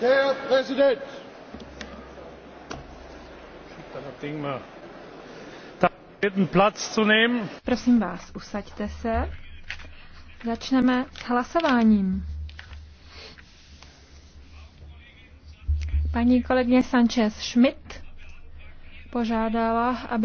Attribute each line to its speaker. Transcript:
Speaker 1: Herr Präsident!
Speaker 2: Prosím vás, usaďte se. Začneme s hlasováním. Paní kolegyně Sanchez Schmidt
Speaker 3: požádala, aby